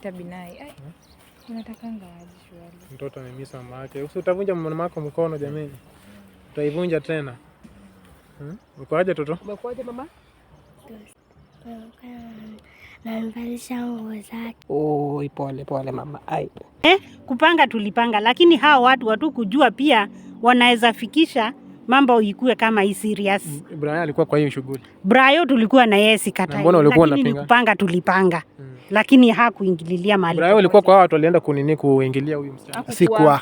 Tabinai. Hmm? Unataka ngawaji shwali. Mtoto amemisa mama yake. Usi utavunja mama yako mkono jamani. Utaivunja tena. Hmm? Uko aje toto? Uko aje mama? Namvalisha nguo zake. Oh, pole pole mama. Ai. Eh, kupanga tulipanga lakini hao watu watu kujua pia wanaweza fikisha mambo ikue kama hii serious. Brian alikuwa kwa hiyo shughuli. Brian tulikuwa na yeye sikatai. Mbona ulikuwa unapinga? Tulipanga tulipanga. Hmm. Lakini hakuingililia mali. Brian alikuwa kwa watu walienda kunini kuingilia huyu msichana. Sikuwa.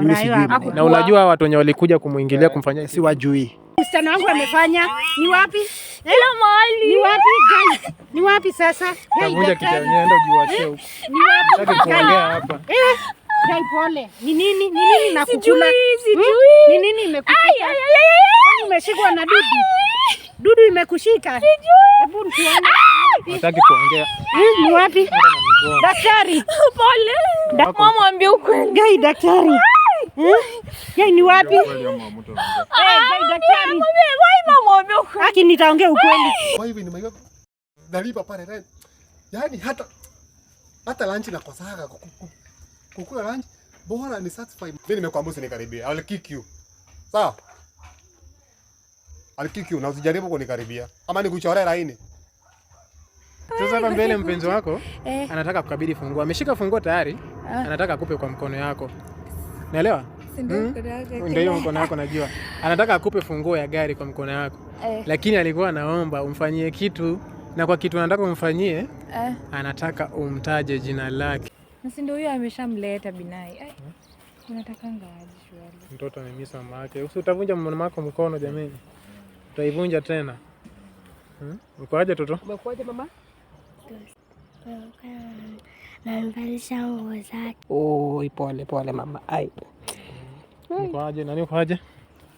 Mimi sijui. Na unajua watu wenye walikuja kumuingilia eh, kumfanyia si wajui. Msichana wangu amefanya ni wapi? Hello eh? Molly. Ni wapi Ni wapi sasa? Ni wapi? Ni wapi? Ni wapi? Hapa. Eh? Dai pole. Ni nini? Ni nini nakukula? Hmm? Ni nini imekushika? Umeshikwa na dudu. Dudu imekushika. Hebu tuone. Nataki kuongea. Ni wapi? Daktari. Pole. Mama ambie ukweli. Gai daktari. Gai hmm? ni wapi? Gai daktari. Mama ambie ukweli. Aki nitaongea ukweli. Kwa hivi nimeiwa nalipa pale rent. Yaani hata hata lunch nakosaga kukupa kukula lunch, bora ni satisfy. Mimi nimekuambia usinikaribie, I'll kick you. Sawa? I'll kick you na usijaribu kunikaribia. Ama nikuchorea laini. Sasa hapa mbele mpenzi wako eh, anataka kukabidhi funguo. Ameshika funguo tayari. Ah. Anataka akupe kwa mkono yako. Naelewa? Hmm? Ndio hiyo mkono wako najua. Anataka akupe funguo ya gari kwa mkono wako. Eh. Lakini alikuwa anaomba umfanyie kitu na kwa kitu anataka umfanyie eh, anataka umtaje jina lake na si ndio huyo ameshamleta Binai. Unataka unatakanga shwali. Mtoto amemisa mama yake, usi utavunja mama yako mkono, jamani, utaivunja tena. Hmm? Ukoaje toto? Umekoaje mama? Namvalisha nguo zake. Oh, pole pole mama. Ai, hmm. ukoaje? Nani ukoaje?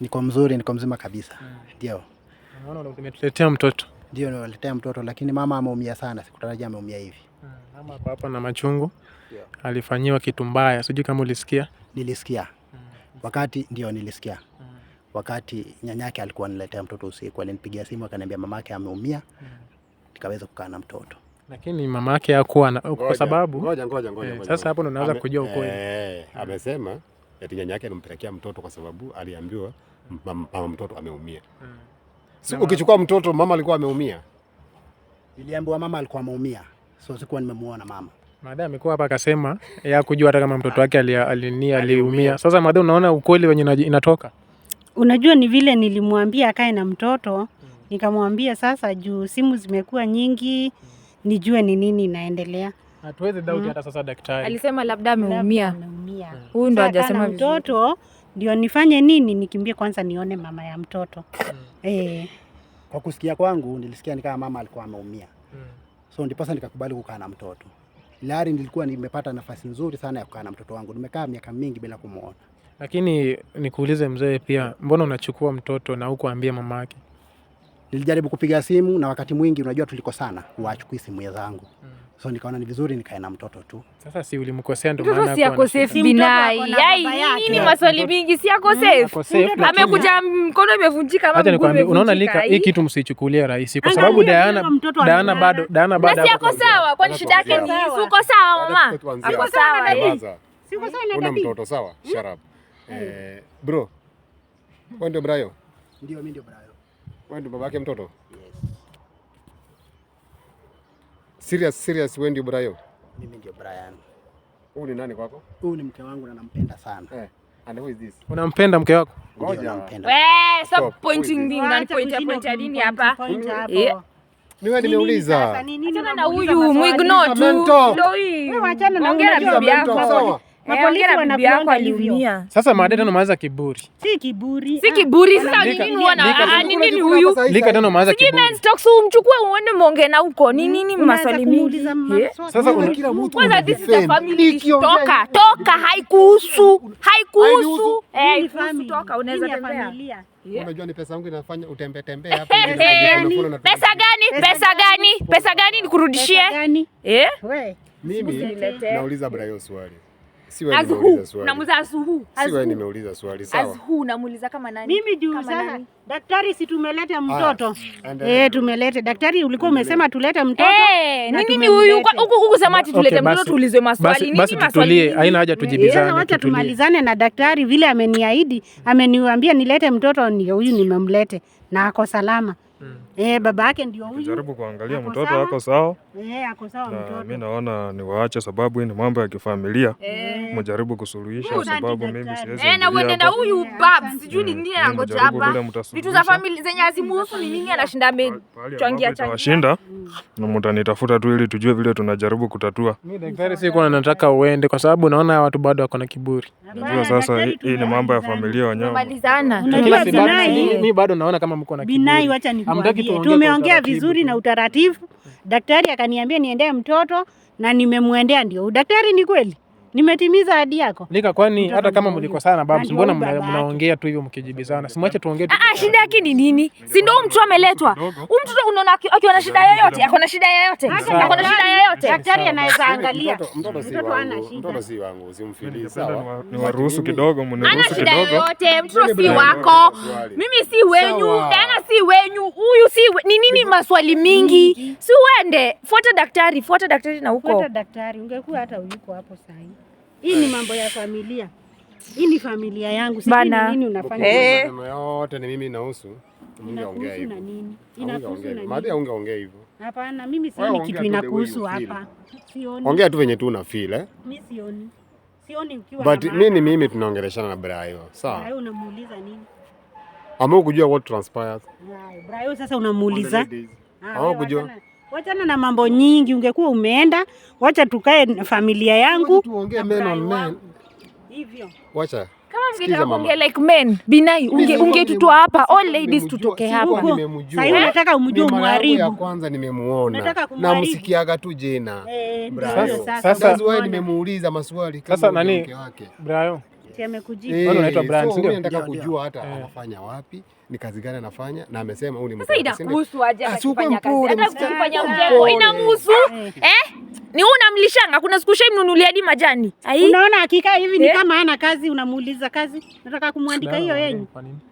Niko mzuri, niko mzima kabisa. Ndio naona umetuletea mtoto. Ndio, niletea mtoto, lakini mama ameumia sana, sikutarajia ameumia hivi. Hmm. Mama hapa hapa na machungu yeah. Alifanyiwa kitu mbaya, sijui kama ulisikia. Nilisikia mm. Wakati ndio nilisikia mm. Wakati nyanyake alikuwa ananiletea mtoto usiku, alinipigia simu akaniambia mamake ameumia mm. Nikaweza kukaa na mtoto lakini mamake hakuwa na kwa sababu ngoja ngoja ngoja, eh, sasa hapo ndo naweza kujua ukweli eh, amesema eti nyanyake alimpelekea mtoto kwa sababu aliambiwa mama mtoto ameumia. hmm. si ukichukua mtoto mama alikuwa ameumia, niliambiwa mama alikuwa ameumia, so sikuwa nimemuona mama madhe amekuwa hapa akasema ya kujua hata kama mtoto wake aliumia aliumia. Sasa madhe, unaona ukweli wenye inatoka. Unajua ni vile nilimwambia akae na mtoto, nikamwambia sasa juu simu zimekuwa nyingi, nijue ni nini inaendelea. Hatuwezi dauti mm. hata sasa daktari. Alisema labda ameumia. Huyu ndo hajasema Mtoto ndio nifanye nini? Nikimbie kwanza nione mama ya mtoto. Mm. Eh. Kwa kusikia kwangu nilisikia ni kama mama alikuwa ameumia. Mm. So ndipo sasa nikakubali kukaa na mtoto. Lari nilikuwa nimepata nafasi nzuri sana ya kukaa na mtoto wangu, nimekaa miaka mingi bila kumwona. Lakini nikuulize mzee pia, mbona unachukua mtoto na hukuambia mama yake? Nilijaribu kupiga simu na wakati mwingi, unajua tulikosana, huachukui simu zangu. Hmm. So nikaona ni vizuri nikae na mtoto tu. Sasa si ulimkosea ndio maana si yako safe binai. Yai nini maswali mingi si yako hmm, safe. Amekuja mkono imevunjika ama mguu umevunjika. Unaona lika hii kitu msichukulie rahisi kwa sababu Diana Diana bado Diana bado. Si yako sawa. Kwani shida yake ni uko sawa mama? Uko sawa. na Si uko sawa na mtoto sawa. Hmm? sharab hmm. Eh, bro. Wewe ndio Brayo? Ndio mimi ndio Brayo. Wewe ndio babake mtoto? Serious, serious, wewe ndio Brian? Mimi ndio Brian. Huyu ni nani kwako? Huyu ni mke wangu na nampenda sana. Eh. And who is this? Unampenda mke wako? Ngoja. Wewe stop pointing me, unanipointia pointia nini hapa? Eh. Ni wewe nimeuliza. Sasa ni Achana na huyu, muignore tu. Wewe achana na huyu. Ongea na bibi yako aliumia. Sasa mada tano maanza kiburi. Si kiburi. Si ah. kiburi. Sasa nini unaona? Ah, nini ni huyu? Lika tano maanza kiburi. Sijui men's talks umchukue uende monge na huko. Ni nini maswali mingi? Sasa una kila mtu. Kwanza this is a family. Toka, toka haikuhusu. Haikuhusu. Eh, toka unaweza tembea. Yeah. Unajua ni pesa yangu inafanya utembe tembe hapa. Pesa gani? Pesa gani? Pesa gani nikurudishie? Eh? Mimi nauliza Brayo swali. As as As who? who? nimeuliza swali sawa. As who Namuuliza kama nani? Mimi juu sana. Daktari, si tumelete mtoto eh? Tumelete daktari, ulikuwa umesema tulete mtoto eh? Ni nini huyu huku sema ati tulete mtoto, tuulizwe maswali nini? Basi tutulie, haina haja tujibizane, eh, wacha tumalizane na daktari vile ameniahidi, ameniambia nilete mtoto, ni huyu nimemlete na ako salama. Hmm. Eh, baba yake ndio huyu. Jaribu kuangalia mtoto wako sawa, Eh, ako sawa mtoto. Mimi naona niwaache, sababu hii ni mambo ya kifamilia Eh. Mjaribu kusuluhisha sababu mimi siwezi Eh, na uende na huyu eh, baba, sijui ni nini anangoja hapa, vitu za familia zenye azimuhusu ni nini, anashinda amechangia changia, Anashinda. na mtanitafuta tu ili tujue vile tunajaribu kutatua. Mimi daktari, siko na nataka uende kwa sababu naona watu bado wako na kiburi. Najua sasa hii ni mambo ya familia wenyewe. Mimi bado naona kama mko na kiburi. Binai, acha ni kitu tumeongea vizuri na utaratibu. Daktari akaniambia niendee mtoto na nimemwendea, ndio daktari ni kweli. Nimetimiza ahadi yako. Nika kwani hata kama mlikosana babu, mbona mnaongea tu hivyo mkijibizana? Simwache tuongee tu. Ah, ah shida yake ni nini? Si ndio mtu ameletwa. Huyu mtoto unaona akiwa na shida yoyote, akona shida yoyote, akona shida yoyote. Daktari anaweza angalia. Mtoto ana shida. Mtoto si wangu, usimfilii sawa. Ni waruhusu kidogo, mniruhusu kidogo. Ana shida yoyote, mtoto si wako. Mimi si wenyu, tena si wenyu. Huyu si ni nini maswali mingi? Si uende, fuata daktari, fuata daktari na huko. Fuata daktari, ungekuwa hata uliko hapo sasa. Hii ni mambo ya familia. Hii ni familia yangu. Sisi ni nini unafanya? Eh, mambo yote ni mimi nahusu. Ungeongea hivyo. Inakuhusu na nini? Maana ungeongea hivyo. Hapana, mimi sioni kitu inakuhusu hapa. Sioni. Ongea tu venye tu una feel eh? Mimi sioni. Sioni ukiwa But mimi ni mimi tunaongeleshana na Brayo. Sawa. Brayo unamuuliza nini? Ama ukujua what transpires. Brayo sasa unamuuliza. Ah, Ama ukujua Wachana na mambo nyingi, ungekuwa umeenda. Wacha tukae familia yangu, tuongee men on men hivyo. Wacha kama mngetaka kuongea like men Binai, unge ungetutoa hapa, all ladies tutoke hapa. Sasa hivi nataka umjue mharibu kwanza, nimemuona na msikiaga tu jina. Eh, sasa wewe nimemuuliza maswali kama nani wake Brayo, eh, si amekujibu. Wewe unaitwa Brian, si ndio? Nataka kujua hata eh. anafanya wapi ni kazi gani anafanya, na amesema huyu ni mpoa. Sasa inakuhusu aje ah, akifanya kazi? Hata kufanya ujengo inamuhusu eh. eh? Ni wewe unamlishanga, kuna siku shai mnunulia hadi majani. Ai? Unaona hakika hivi ni eh? kama ana kazi, unamuuliza kazi. Nataka kumwandika hiyo yenyu.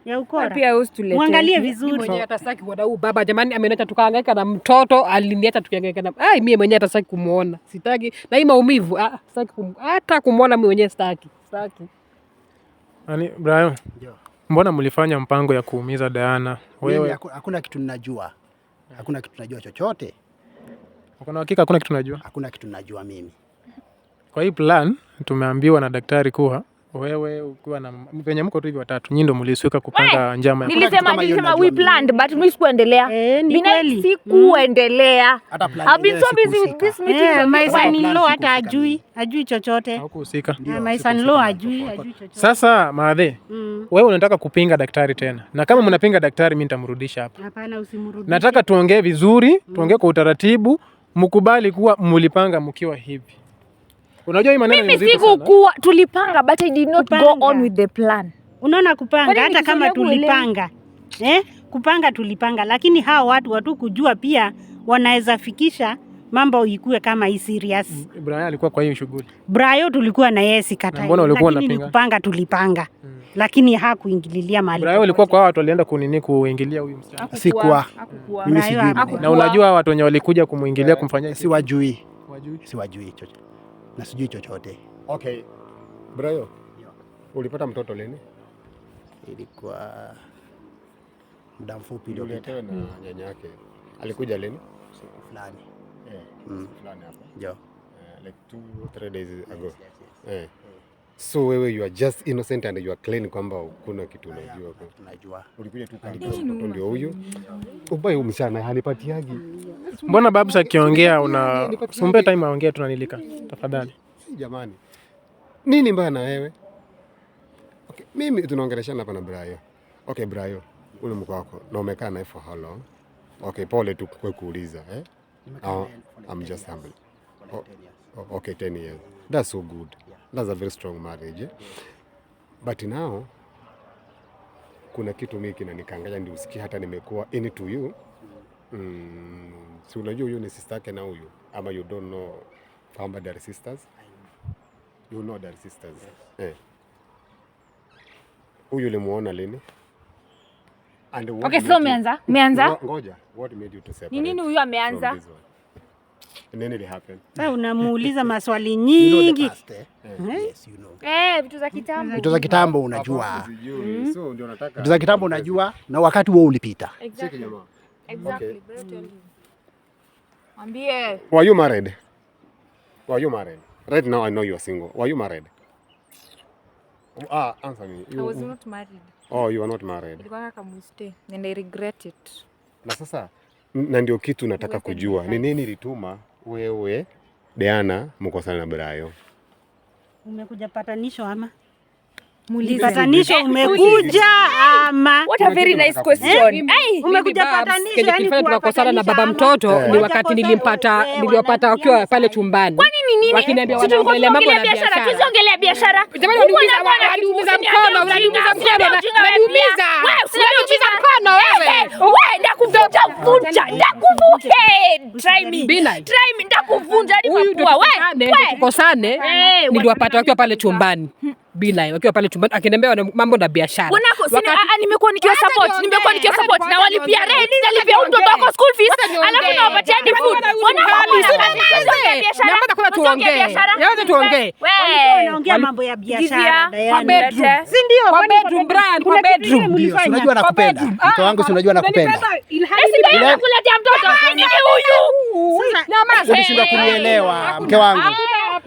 ya ukora. Pia wewe usitulete. Muangalie vizuri. Mwenye atasaki saki kwa dau baba jamani ameniacha tukahangaika na mtoto, aliniacha tukihangaika na. Ai mimi mwenyewe atasaki kumuona. Sitaki na hii maumivu. Ah, sitaki hata kumuona mimi mwenyewe sitaki. Sitaki. Ani Brian. Yeah. Mbona mlifanya mpango ya kuumiza Diana? Wewe hakuna kitu ninajua, hakuna kitu najua chochote. Kuna hakika hakuna kitu ninajua, hakuna kitu ninajua mimi. Kwa hii plan tumeambiwa na daktari kuwa wewe ukiwa na venye mko tu hivi watatu, nyinyi ndio mlisweka kupanga eh, njama ya nilisema nilisema we planned but mimi sikuendelea, mimi eh, mm. sikuendelea. I've been so busy with this meeting, eh, my son in law hata ajui ajui chochote, hukuhusika. My son in law ajui ajui chochote. Sasa maadhe, mm, wewe unataka kupinga daktari tena, na kama mnapinga daktari mimi nitamrudisha hapa. Hapana, usimrudishe. Nataka tuongee vizuri, tuongee mm. kwa utaratibu, mkubali kuwa mlipanga mkiwa hivi Unajua hii maneno ni mzito sana. Mimi sikukuwa tulipanga but I did not kupanga. go on with the plan. Unaona kupanga hata kama tulipanga. Eh? Kupanga tulipanga lakini hao watu watu kujua pia wanaweza fikisha mambo ikue kama hii serious. Mm, Brian alikuwa kwa hiyo shughuli. Brian tulikuwa na yeye sikatai. Mbona ulikuwa unapinga? Kupanga tulipanga. Hmm. Lakini hakuingililia mali. Brian alikuwa kwa watu walienda kunini kuingilia huyu msichana. Sikuwa. Mimi sijui. Na unajua watu wenye walikuja kumuingilia eh. kumfanyia si wajui. Wajui. Si wajui chochote na sijui chochote. Okay. Brayo, ulipata mtoto lini? Ilikuwa muda mfupi uliopita. Na mm. nyanya yake alikuja lini? Siku fulani. Eh, mm. siku fulani hapa. Ndio. Eh, like 2 3 days ago. Yes, yes, yes. Eh. eh. So wewe you are just innocent and you are clean kwamba kuna kitu unajua. Unajua. Ulikuja tu kwa mtoto yaani ndio huyo. Ubai umshana hanipatiagi. Mbona Babs akiongea una sumbe time aongee tunanilika. Tafadhali. Jamani. Nini mbaya na wewe? Okay, mimi tunaongeleshana hapa na Brayo. Okay, Brayo. Ule mko wako na umekaa naye for how long? Okay, pole tu kwa kuuliza eh. Oh, I'm just humble. Oh, oh, okay, 10 years. That's so good that's a very strong marriage. But now kuna kitu mimi kinanikanganya, ndio usikie hata nimekuwa in to you mm, si unajua huyu ni sister yake na huyu ama you don't know kwamba they are sisters, you know they are sisters yes. Eh, huyu ulimuona lini? And okay, so umeanza umeanza, ngoja, what made you to separate? Ni nini huyu ameanza Eh, unamuuliza maswali nyingi. Eh. Eh, mm-hmm. Vitu za kitambo unajua. Mm-hmm. Vitu za kitambo unajua na wakati huo ulipita. Na sasa na ndio kitu nataka kujua ni nini ilituma wewe Deana mukosana na Brayo. Umekuja patanisho ama Patanisho umekuja ama? What a very nice question. Eh, umekuja patanisho yani tunakosana na baba mtoto ni eh. wakati nilimpata niliwapata wakiwa pale chumbani nini? Wakiniambia wanaongelea mambo ya biashara. Tusiongelea biashara. Jamani mkono, mkono. Wewe mkono wewe. Wewe Try me. Try me ndakuvunja wewe. Tukosane. Niliwapata wakiwa pale chumbani bila wakiwa pale chumbani akiniambia mambo na biashara. Ah, ah, nimekuwa nikiwa support, nimekuwa nikiwa support na walipia rent, nalipia mtoto wako school fees, alafu nawapatia ni food. Tuongee, yaani tuongee. Unaongea mambo ya biashara. kwa Kwa kwa bedroom, bedroom, bedroom, Unajua nakupenda. Eh, mke wangu si unajua nakupenda. Sasa unashindwa kunielewa mke wangu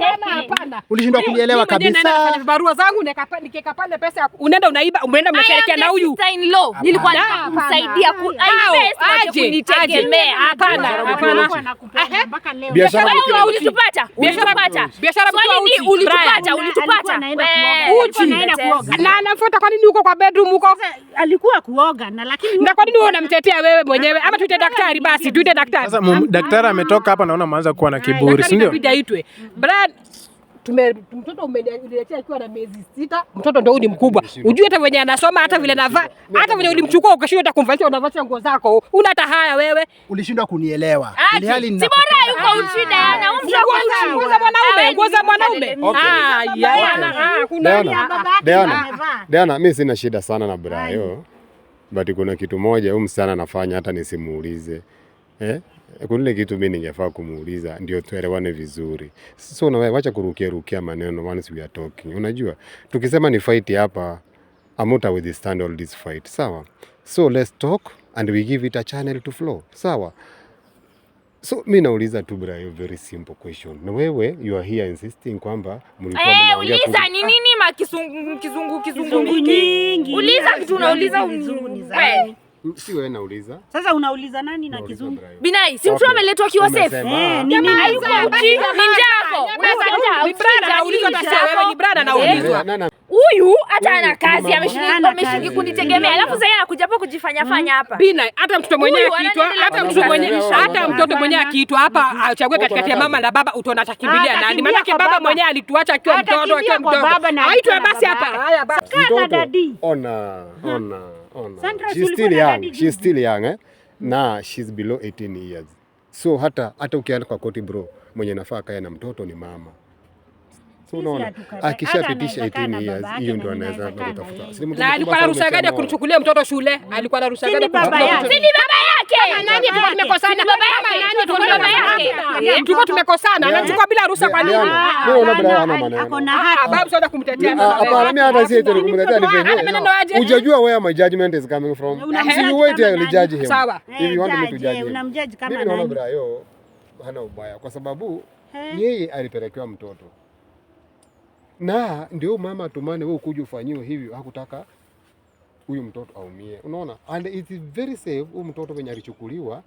tena hapana. Ulishindwa kulielewa kabisa. Barua zangu nikaika pale pesa ya unaenda unaiba, umeenda mnasherekea na huyu. Nilikuwa nakusaidia kunitegemea. Hapana, hapana. Biashara ulitupata, ulitupata. Biashara pata. Biashara mtu ulitupata, ulitupata. Uchi. Na anamfuata kwa nini uko kwa bedroom uko? Alikuwa kuoga na lakini na kwa nini wewe unamtetea wewe mwenyewe? Ama tuite daktari basi, tuite daktari. Sasa daktari ametoka hapa naona mwanza kuwa na kiburi, si ndio? Itwe. Brad, mtoto umeniletea akiwa na miezi sita. Mtoto ndio ni mkubwa, ujue hata venye anasoma, hata vile navaa, hata venye ulimchukua ukashindwa hata kumvalisha, unavalisha nguo zako, una hata haya wewe. Ulishindwa kunielewa, ni ah, hali ni bora ah, yuko ushida ana kwa za mwanaume, nguo za mwanaume. Diana, Diana, mimi sina shida sana na Brayo, but kuna kitu moja huyu msichana anafanya hata nisimuulize eh kuna ile kitu mimi ningefaa kumuuliza ndio tuelewane vizuri. So wacha kurukia rukia maneno once we are talking. Unajua tukisema ni fight hapa, amuta withstand all this fight. Sawa, so let's talk and we give it a channel to flow. Sawa. So mi nauliza tu bra, very simple question. Na wewe you are here insisting kwamba mlikuwa eh, mnaongea. Hey, uliza ni nini ma kizungu kizungu kizungu nyingi. Uliza kitu yaani unauliza. zani. Si wewe nauliza. Sasa unauliza nani na kizungu? Binai, si mtu ameletwa akiwa safe. Eh, ni nini uchi? Ni njako. Ni brada naulizwa tasa wewe ni brada naulizwa. Huyu hata ana kazi kunitegemea. Alafu sasa anakuja hapo kujifanya fanya hapa. Binai, hata mtoto mwenyewe akiitwa, hata mtoto mwenyewe, hata mtoto mwenyewe akiitwa hapa achague katikati ya mama na baba utaona atakimbilia nani? Maana baba mwenyewe alituacha akiwa mtoto, akiwa mtoto. Aitwe basi hapa. Haya basi. Ona, ona. Hmm. Oh, She's still young. She's still young eh? Na she's below 18 years. So hata hata ukienda kwa koti bro, mwenye nafaa kae na mtoto ni mama unaona, akishapitisha 18 years hiyo ndio anaweza kutafuta. Na alikuwa na ruhusa gani ya kumchukulia mtoto shule? Eh. Alikuwa na ruhusa gani? Baba ni baba yake. Nani tulikuwa tumekosana? Eh, baba yake, baba yake? Tulikuwa tumekosana, anachukua bila ruhusa kwa yaani, nini? Wewe una bila ana maana. Ako na haki. Babu sio kumtetea ah, mimi. mimi hata si eti kumtetea ni venye. Hujajua where my judgment is coming from. Si you wait till judge him. Sawa. If you want me to eh, judge him. Unamjudge kama nani? Mimi naona bila hiyo hana ubaya kwa sababu yeye alipelekewa mtoto na ndio mama Tumane wewe ukuje ufanyiwe hivyo, hakutaka huyu mtoto aumie. Unaona, and it is very safe. Huyu mtoto venye alichukuliwa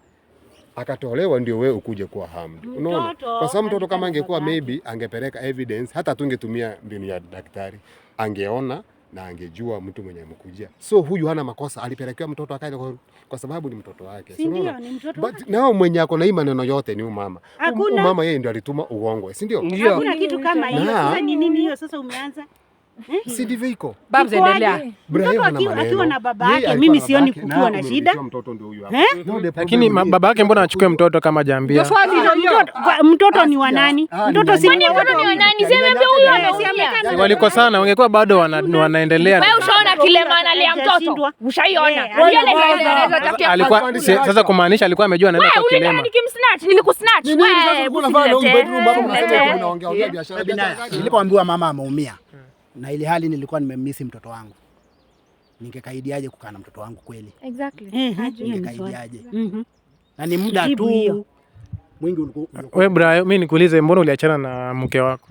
akatolewa ndio wewe ukuje kuwa harmed. Unaona, kwa sababu mtoto kama angekuwa maybe angepeleka evidence, hata tungetumia mbinu ya daktari, angeona na angejua mtu mwenye amkujia. So huyu hana makosa, alipelekewa mtoto akaje kwa, kwa sababu ni mtoto wake. Si ndio? Ni mtoto wake. Nao mwenye ako na hii maneno yote ni umama. Hakuna. Umama yeye ndio alituma uongo, si ndio? Hakuna kitu kama hiyo. Sasa ni nini hiyo sasa umeanza? Hmm? Si ndivyo iko? Babu, endelea. Mtoto akiwa na baba yake, mimi sioni kukiwa na shida. Eh? Lakini baba yake mbona anachukua mtoto kama jambia? Ah, ah, ah, mtoto ni wa nani? Yaani mtoto si ni wa nani? Sema mbona huyo anasemekana. sana, ungekuwa bado wanaendelea. Wewe ushaona kile maana ya mtoto? Ushaiona. Eh, alikuwa sasa kumaanisha alikuwa amejua anaenda kwa kilema. Nilipoambiwa mama ameumia na ili hali nilikuwa nimemisi mtoto wangu, ningekaidiaje kukaa na mtoto wangu kweli? Exactly. Ningekaidiaje? na ni muda tu mwingi wewe Brayo, mimi nikuulize, mbona uliachana na mke wako?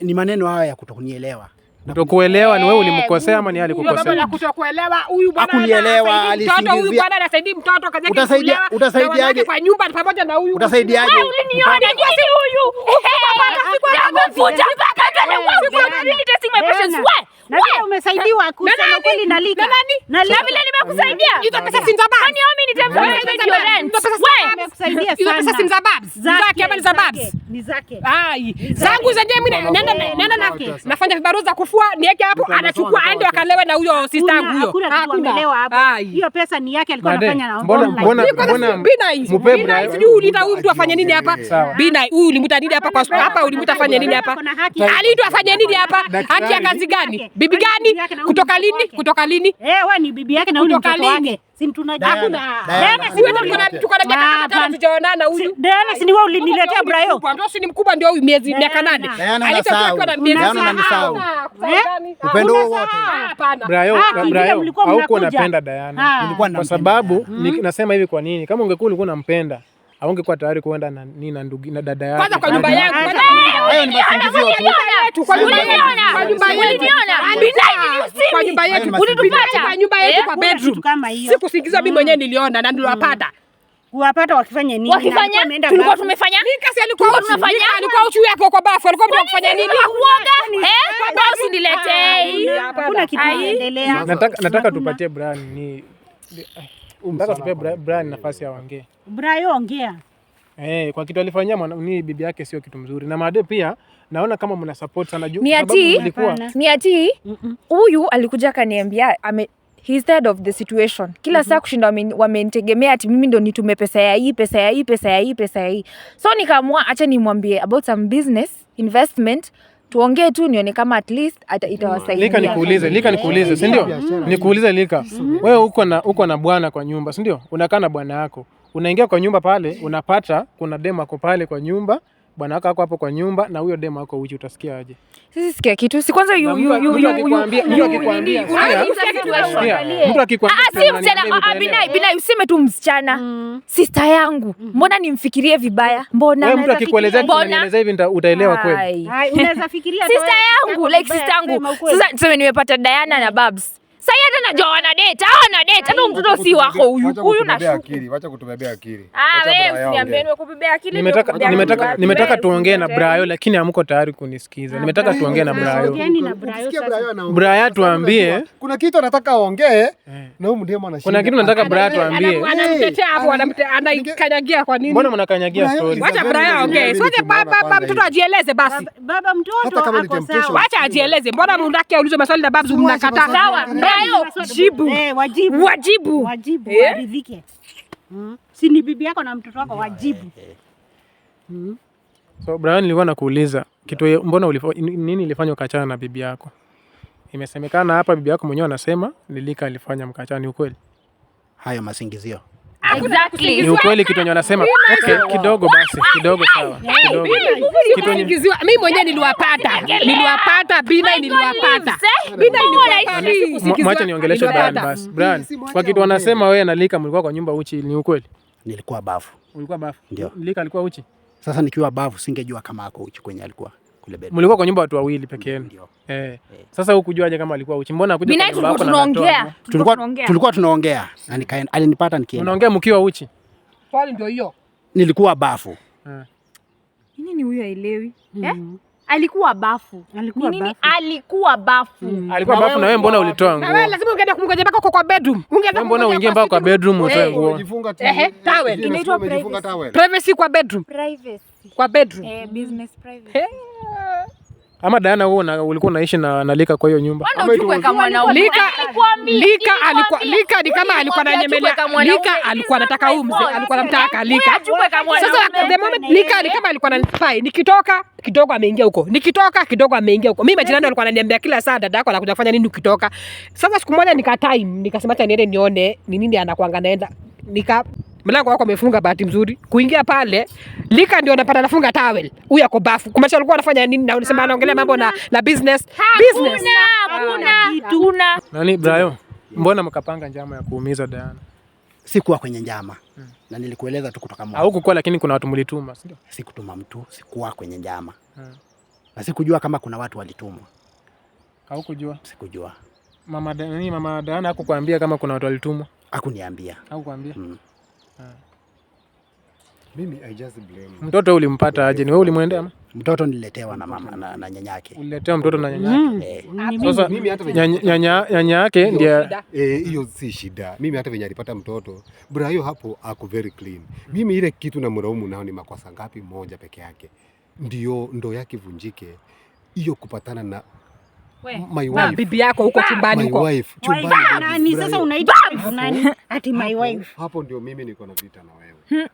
Ni maneno haya ya kutokunielewa kutokuelewa ni wewe ulimkosea ama ni alikukosea? Kutokuelewa, huyu bwana akunielewa, alisingizia huyu bwana anasaidia mtoto kaje, yake. Utasaidia, utasaidiaje kwa nyumba pamoja na huyu? Utasaidiaje? Wewe uliniona si huyu? baba Ukipata siku atakufuta. Why, why, why, why, why are you testing my patience? What? na vile umesaidiwa kusema kweli nalika. Na vile nimekusaidia. Hizo pesa si za babs. wewe mimi nitamsaidia rent. Hizo pesa nimekusaidia sana. Hizo pesa si za babs. Zake ama ni za babs? Ni zake. Ai, zangu zenyewe mimi naenda naenda na nafanya vibarua za kufua niweke hapo anachukua aende akalewe na huyo sister yangu huyo. Hakuna Hiyo pesa ni yake alikuwa anafanya na online. Mbona mbona mbona sijui uliita huyu mtu afanye nini hapa? Bina huyu ulimwita nini hapa kwa hapa ulimwita afanye nini hapa? Aliitwa afanye nini hapa? Haki ya kazi gani? Bibi gani? Kutoka lini? Kutoka lini? Eh, wewe ni bibi yake na huyu mtoto wake. Si mtunaje? Hakuna. Dana si wewe ndio tuko na miaka kama tano tujaonana huyu. Dana si ni wewe uliniletea Brayo. Ndio si ni mkubwa ndio huyu miezi miaka nane. Alitoka akiwa na miezi nane. Eh? Upendo wote. Hapana. Brayo, ah, Brayo haukuwa unapenda Diana. Ah. Kwa sababu hmm. nasema hivi kwa nini? Kama ungekuwa ulikuwa unampenda haungekuwa tayari kuenda na nini na ndugu na dada yako. Kwanza kwa nyumba yangu. Hayo ni Kwa nyumba yetu. Kwa nyumba yetu. Kwa nyumba yetu. kwa nyumba yetu kwa bedroom. mimi mm. mwenyewe niliona na niliwapata. Mm. Kuwapata wakifanya nini? Wakifanya tulikuwa tumefanya. alikuwa tunafanya. Alikuwa uchu yako kwa bafu. Alikuwa kufanya nini? Kuoga. Yaani, eh, yaani, kwa bafu kitu Nataka nataka tupatie Brian ni nataka tupe Brian nafasi ya wangee. Brian ongea. Eh, kwa kitu alifanyia mwanani bibi yake sio kitu mzuri. Na Made pia naona kama mna support sana juu ni ati huyu alikuja akaniambia ame he's tired of the situation kila mm -hmm. saa kushinda wamenitegemea ati mimi ndo nitume pesa ya hii pesa ya hii pesa ya hii pesa ya hii, so nikaamua acha nimwambie about some business investment tuongee tu nione kama at least mm. itawasaidia. Lika nikuulize, mm. Lika nikuulize, si ndio? Mm. Nikuulize Lika, wewe uko na uko na bwana kwa nyumba, si ndio? Unakaa na bwana yako, unaingia kwa nyumba pale, unapata kuna dem ako pale kwa nyumba bwana wako ako hapo kwa nyumba na huyo demo ako uchi, utasikia aje? Sisi sikia kitu si kwanza, mtu akikwambia ah, ah, useme tu msichana, mm. sista yangu, mm. mbona nimfikirie vibaya? Mbona mtu akikuelezea hivi utaelewa kweli? Sista yangu like sista yangu, sasa tuseme nimepata Diana na Babs sasa hata mtoto si wako huyu. Huyu na akili, acha kutubebea akili. Ah, wewe akili. Nimetaka nimetaka nimetaka tuongee na Brayo lakini hamko tayari kunisikiza. Ah, nimetaka tuongee na Brayo. Brayo tuambie. Kuna kitu anataka aongee eh. na huyu Kuna kitu nataka Brayo tuambie. Anamtetea hapo, kwa nini? Mbona mnakanyagia story? Acha Brayo aongee. Sote baba mtoto ajieleze basi. Baba mtoto ako sawa. Acha ajieleze. Mbona mnataka aulize maswali na babu mnakataa? Sawa nayo jibu wajibu wajibu wajibu eh, eh? waridhike. Hmm? Si ni bibi yako na mtoto wako wajibu. Hmm? So Brian, nilikuwa nakuuliza kitu, mbona nini ilifanya ukachana na bibi yako? Imesemekana hapa bibi yako mwenyewe anasema Lilika alifanya mkachani, ukweli? Hayo masingizio Exactly. Ni ukweli kitu yenye wanasema. Okay, eh, eh, kidogo basi, kidogo sawa. Kidogo. Kitu yenye mimi mwenyewe niliwapata. Niliwapata Bina niliwapata. Bina niliwapata. Mwacha niongeleshe Brian basi. Brian, kwa kitu wanasema wewe na Lika mlikuwa kwa nyumba uchi ni ukweli? Nilikuwa bafu. Ulikuwa bafu? Ndio. Lika alikuwa uchi? Sasa nikiwa bafu singejua kama ako uchi kwenye alikuwa mlikuwa kwa nyumba watu wawili peke yenu eh. eh. Sasa kama alikuwa uchi? Mbona akuja kwa nyumba yako? Tunaongea, tulikuwa tunaongea na nikaenda, alinipata nikienda. Unaongea mkiwa uchi? Swali ndio hiyo. Nilikuwa bafu. Eh. Nini huyo aelewi? Mm. Eh? alikuwa bafu. Alikuwa nini? Bafu. Alikuwa bafu. Mm. Alikuwa na bafu na wewe mbona ulitoa nguo? Na wewe lazima ungeenda kumgoja mpaka uko kwa bedroom. Ungeenda mbona uingie mpaka kwa bedroom utoe eh, nguo? Unajifunga tu. Ehe, tawe. Inaitwa privacy. Privacy kwa bedroom. Privacy. Kwa bedroom. Eh, business privacy. Ama Diana wewe una, ulikuwa unaishi na, na Lika kwa hiyo nyumba. Ama uchukue kama na Lika Lika alikuwa Lika ni kama alikuwa ananyemelea Lika alikuwa anataka huyu mzee alikuwa anamtaka Lika. Sasa the moment Lika ni kama alikuwa ananifai nikitoka kidogo ameingia huko. Nikitoka kidogo ameingia huko. Mimi majirani walikuwa wananiambia kila saa dada yako anakuja kufanya nini ukitoka. Sasa siku moja nika time nikasema acha niende nione ni nini anakuanga naenda. Nika mlango wako umefunga bahati mzuri. kuingia pale lika ndio anapata anafunga towel, huyu ako bafu. Kumaanisha alikuwa anafanya nini? Na unasema anaongelea mambo na na business business. Hakuna ah, kitu nani Brayo, mbona mkapanga njama ya kuumiza Diana? Sikuwa kwenye njama hmm. Na nilikueleza tu kutoka mwanzo. Haukukuwa, lakini kuna watu mlituma, sio? Sikutuma mtu, sikuwa kwenye njama hmm. Na sikujua kama kuna watu walitumwa. Haukujua? Sikujua. Mama Diana hakukuambia kama kuna watu walitumwa? Hakuniambia. Hakukuambia. Hmm. Mimi I just blame. Mtoto ulimpata aje? Ni wewe ulimwendea? Mtoto nililetewa na mama na, na nyanya yake. Uliletewa mtoto na mm. Mm. Eh. nyanya yake. Sasa nyanya yake Eh, hiyo si shida. Mimi hata venye alipata mtoto, bro hiyo hapo ako very clean. Mimi ile kitu na mlaumu nao ni makosa ngapi? Moja peke yake. Ndio ndo yake vunjike. Hiyo kupatana na my wife. Bibi yako huko chumbani huko. My wife. Chumbani. Ah, nani sasa unaita nani? Ati my wife. Hapo ndio mimi niko na vita na wewe. Sio hmm.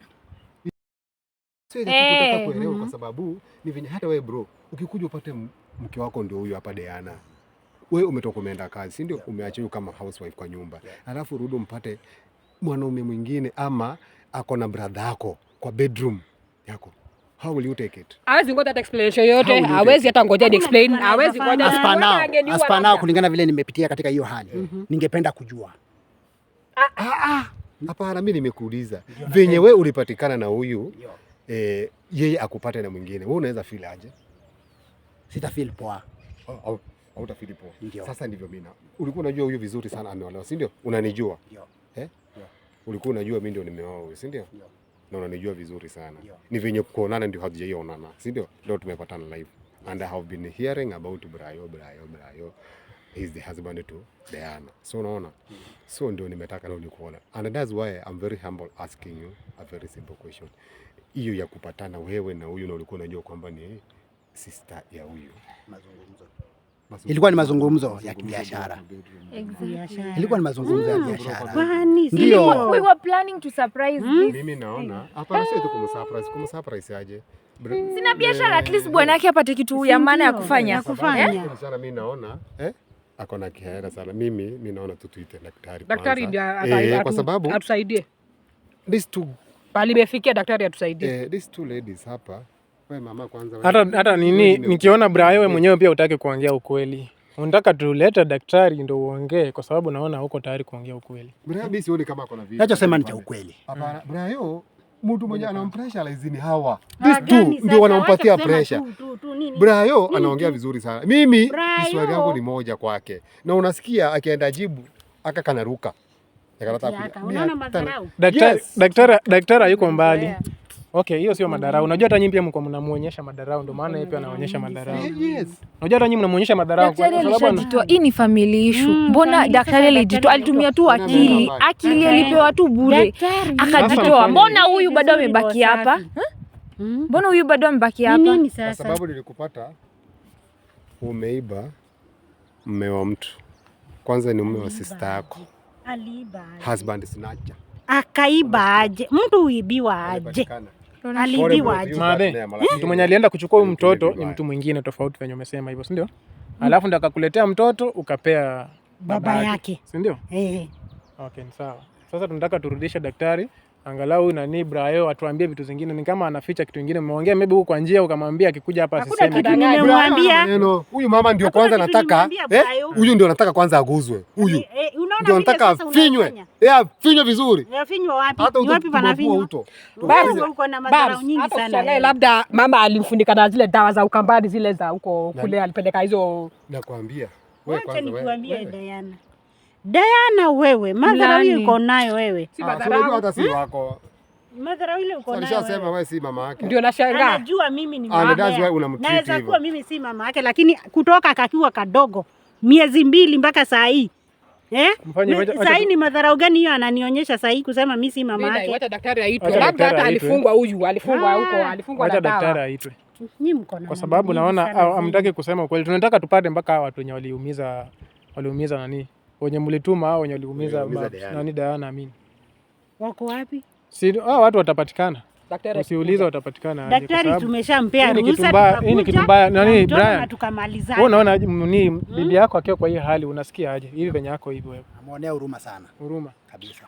Sikutaka eh, kuelewa kwa hmm. sababu ni vinye hata wewe bro, ukikuja upate mke wako ndio huyo hapa Diana. Wewe umetoka umeenda kazi, si ndio? Umeacha kama housewife kwa nyumba. Alafu rudi mpate mwanaume mwingine ama ako na brother yako kwa bedroom yako. How will you take it? Hawezi ngoja hata explanation yoyote, hawezi hata ngoja ni explain, hawezi ngoja aspa nao. Kulingana vile nimepitia katika hiyo hali mm -hmm. Ningependa kujua. Ah, ah, ah. Hapana, mimi nimekuuliza venye wewe ulipatikana na huyu eh, yeye akupate na mwingine, wewe unaweza feel aje? Sita feel poa. Oh, au uta feel Sasa ndivyo mimi na ulikuwa unajua huyu vizuri sana ameolewa, si ndio? Unanijua eh? Ulikuwa unajua mimi ndio nimeoa huyu, si ndio? na unanijua vizuri sana yeah. Ni venye kuonana ndio hatujaionana, si ndio? Leo tumepatana live and I have been hearing about Brayo Brayo Brayo is the husband to Diana, so unaona mm. So ndio nimetaka leo nikuona and that's why I'm very humble asking you a very simple question. Hiyo ya kupatana wewe na huyu na ulikuwa unajua kwamba ni sister ya huyu mazungumzo ilikuwa ni mazungumzo ya kibiashara, exactly. ilikuwa ni mazungumzo ya ah, biashara. Ndio we were planning to surprise. Hmm? Mimi naona hapa sio tu surprise kumsurprise, surprise aje? Sina eh, biashara, at least bwana yake apate kitu ya maana ya kufanya. biashara mimi naona eh ako na kihera sana. Mimi mimi naona tu tuite daktari daktari ndio eh, kwa sababu atusaidie, these two palimefikia daktari atusaidie, eh, these two ladies hapa We mama kwanza, hata hata nini nikiona bra wewe mwenyewe pia utaki kuongea ukweli. Unataka tulete daktari ndo uongee kwa sababu naona uko tayari kuongea ukweli. Bra mimi sioni kama kuna vitu. ni cha ukweli. Hapana, mtu mmoja anampressurize hawa. Ah, This tu ndio wanampatia pressure. Bra anaongea vizuri sana. Mimi swali yangu ni moja kwake. Na unasikia akienda jibu aka kanaruka. Daktari daktari mbali. Okay, hiyo sio mm. madharau. Unajua hata nyinyi pia mko mnamuonyesha madharau, ndio maana yeye pia anaonyesha mm. madharau. Yes. Unajua hata nyinyi mnamuonyesha madharau kwa sababu hii ni family issue. Mm, Mbona daktari alijitoa? Alitumia tu akili. Akili alipewa tu bure. Akajitoa. Mbona huyu bado amebaki hapa? Mbona huyu bado amebaki hapa? Nini sasa? Kwa sababu nilikupata umeiba mume wa mtu. Kwanza ni mume wa sister yako. Aliiba. Husband snatcher. Akaiba aje? Mtu huibiwa aje? Alibadikana. Mtu mwenye alienda kuchukua huyu mtoto ni mtu mwingine tofauti venye umesema hivyo, si ndio? Mm. Alafu ndo akakuletea mtoto ukapea baba yake, si ndio? Eh, eh. Okay, sawa. Sasa tunataka turudishe daktari angalau nani Brayo atuambie vitu zingine, ni kama anaficha kitu kingine. Umeongea maybe huko kwa njia ukamwambia akikuja hapa asiseme huyu mama ndio kwanza nataka, eh? huyu ndio nataka kwanza aguzwe huyu ndio nataka afinywe, afinywe vizuri. Naye labda mama alimfunika na zile dawa za ukambani zile za huko kule, alipeleka hizo. Nakwambia wewe, kwanza wewe, madharau iko nayo wewe, ah, madhara hiyo hata hmm? nayo wako Alishasema wewe si mama yake. Ndio nashangaa. Anajua mimi ni ah, mama yake. Naweza kuwa mimi si mama yake, lakini kutoka kakiwa kadogo miezi mbili mpaka saa hii Eh? Sahii ni madharau gani hiyo ananionyesha sahii kusema mimi si mama yake. Wacha daktari aitwe. Labda hata alifungwa huyu, alifungwa huko, ah. alifungwa na dawa. Wacha daktari aitwe. Kwa sababu naona amtaki kusema ukweli. Tunataka tupate mpaka watu wenye waliumiza waliumiza nani? Wenye mlituma au wenye waliumiza nani Diana amini. Wako wapi? Si hao ah, watu watapatikana. Usiuliza watapatikana. aje. Daktari tumeshampea ruhusa. Hii ni kitu mbaya. Nani Brian? Tukamalizana. Wewe unaona ni hmm? bibi yako akiwa kwa hii hali unasikia aje? Hivi venye yako hivi wewe. Amuonea huruma sana. Huruma kabisa.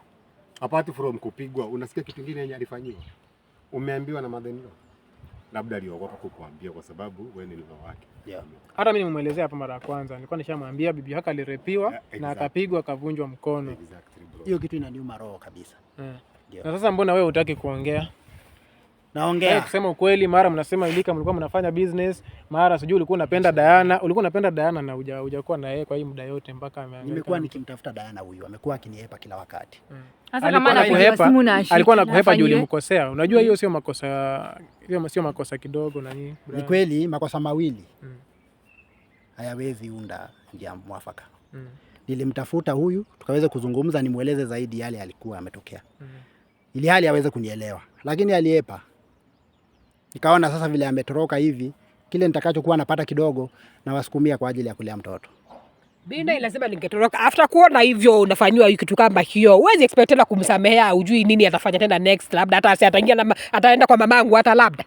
Apart from kupigwa, unasikia kitu kingine yenye alifanyiwa. Umeambiwa na madhenio. Labda aliogopa kukuambia kwa sababu wewe ni mama wake. Yeah. Hata mimi nimemuelezea hapa mara ya kwanza. Nilikuwa nishamwambia bibi yako alirepiwa yeah, exactly. Na akapigwa akavunjwa mkono. Hiyo exactly, kitu inaniuma roho kabisa. Yeah. Yeah. Na sasa mbona wewe hutaki kuongea? Yeah naongea kusema eh, ukweli, mara mnasema Ilika mlikuwa mnafanya business, mara sijui ulikuwa unapenda Diana, ulikuwa unapenda Diana na uja hujakuwa na yeye kwa hii muda yote mpaka ameangaika. nimekuwa nikimtafuta Diana. Huyu amekuwa akiniepa kila wakati hmm. Alikuwa nakuhepa juu ulimkosea. Unajua hiyo sio makosa, hiyo sio makosa kidogo. Na nini, ni kweli makosa mawili hmm. hayawezi unda njia mwafaka hmm. Nilimtafuta huyu tukaweza kuzungumza, nimweleze zaidi yale alikuwa ametokea hmm. ili hali aweze kunielewa, lakini aliepa Nikaona sasa vile ametoroka hivi, kile nitakachokuwa napata kidogo na wasukumia kwa ajili ya kulea mtoto. Bina lazima ningetoroka after kuona hivyo unafanyiwa kitu kama hiyo. Huwezi expect tena kumsamehea, ujui nini atafanya tena next, labda hata ataingia ataenda kwa mamangu hata labda.